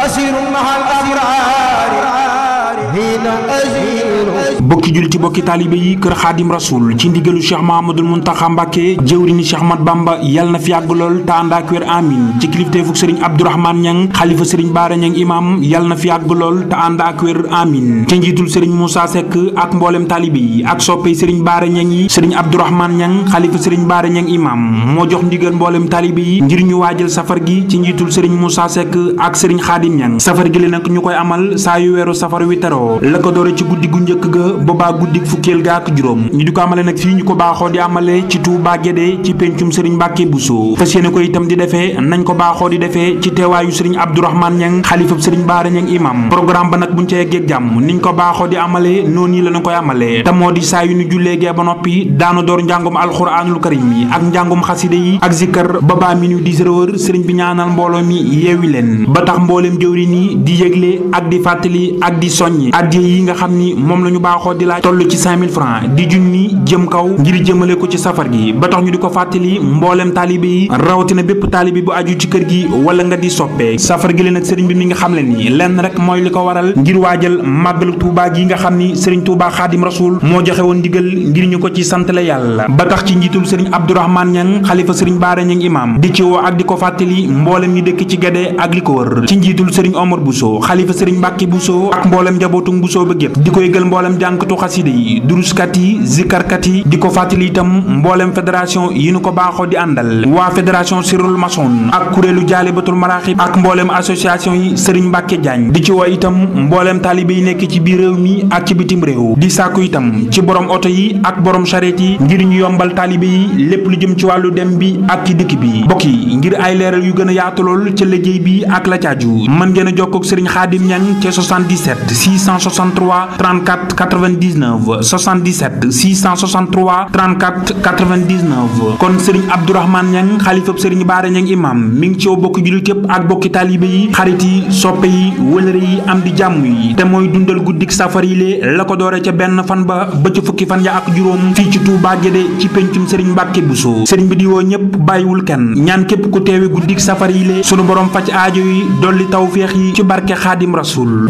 أسير مع الأسرار هنا أسير bokki juliti bokki taalibe yi keur khadim rasul ci ndigelu cheikh mahamadul muntaxa mbàkke jauh cheikh mat bamba yal na fi yag lol ta ànd ak amin ci fuk serigne abdourahman ñang khalifa serigne bara ñang imam yal na fi yag lol ta amin ci tul sering moussa sek ak mbollem tali yi ak soppey serigne bara ñang yi serigne abdourahman ñang khalifa serigne bara ñang imam mo jox ndigel tali taalibe yi ngir ñu wajjal safar gi ci njiitul serigne moussa sek ak sering khadim ñang safar gi le nak ñukoy amal sayu yu wéro safar wi teroo la ko doore ci guddigu ga boba guddik fukel ga ak juróom ñu di ko amale nak fi ñu ko baxo di amale ci Touba Guédé ci baki Serigne Mbacke koi fas ko itam di defee nañ ko baxo di defee ci teewaayu Serigne Abdourahmane ñang khalifa Serigne Baara ñang imam programme ba nak buñ ci yeggee jam niñ ko baxo di amale noni yi la koy amale ta modi sayu ñu julé gee ba noppi daanu agzikar baba karim yi ak yi ak zikkar baba minu 10 sering serigne bi ñaanal mbolo mi yewi len ba tax mbolem jëwri ni di yëgle ak di fatali ak di yi nga xamni mom lañu waxo di laaj tollu ci 5000 francs di jooni jëm kaw ngir jëmele ko ci safar gi ba tax ñu di ko mbollem talibi rawatina bepp talibi bu aju ci kër gi wala nga di soppé safar gi le nak serigne bi mi nga xam leen ni lenn rek moy liko waral ngir waajal màggalu touba gi nga xam ni serigne touba khadim rasul mo joxe won ndigal ngir ñu ko ci la yalla ba tax ci njitum serigne abdourahman ñang khalifa serigne bare ñang imam di ci wo ak di ko mbollem ñi dekk ci gede ak liko ci njitul serigne omar buso khalifa sering mbacke buso ak mbollem jabotou buso ba gep di gël jàngkatu xasida yi duruskat yi zikarkat yi di ko fàttali itam mboolem fédération yi ko baaxoo di àndal waa fédération sirul maçon ak kuréelu jaalibatul maraaxib ak mboolem association yi Serigne Mbacke Diagne di ci woo itam mboolem taalibe yi nekk ci biir réew mi ak ci bitim réew di sàkku itam ci borom oto yi ak borom charrette yi ngir ñu yombal taalibe yi lépp lu jëm ci wàllu dem bi ak ci dikk bi mbokk yi ngir ay leeral yu gën a yaatu lool ca liggéey bi ak la caaju mën ngeen a jokkoo ak Serigne Khadim Niang ca 77 663 99 77 663 34 99 kon serigne abdourahmane ñang khalifa serigne bara ñang imam mi ngi ci bokk julit yépp ak bokki talibé yi xarit yi soppe yi wëlëre yi am di jamm yi te moy dundal guddik safar yi lé la ko dooré ca benn ya ak juroom fi ci touba gédé ci pencum serigne mbacke bousso serigne bi di wo ñepp bayiwul kenn ñaan képp ku téwé guddik safar yi rasul